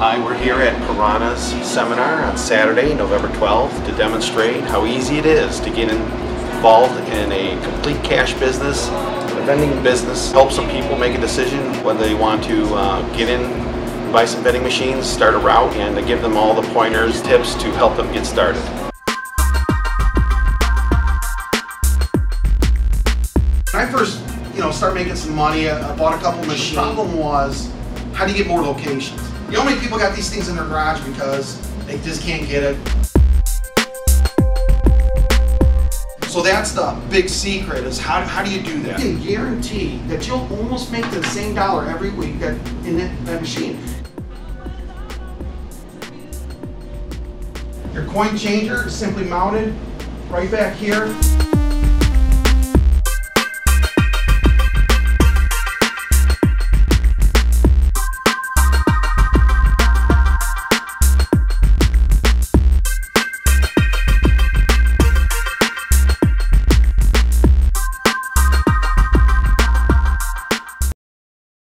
Hi, we're here at Piranha's seminar on Saturday, November 12th to demonstrate how easy it is to get involved in a complete cash business, a vending business, help some people make a decision whether they want to uh, get in, buy some vending machines, start a route, and to give them all the pointers, tips to help them get started. When I first, you know, start making some money, I bought a couple machines. The problem was, how do you get more locations? You know how many people got these things in their garage because they just can't get it? So that's the big secret is how, how do you do that? You can guarantee that you'll almost make the same dollar every week that in that, that machine. Your coin changer is simply mounted right back here.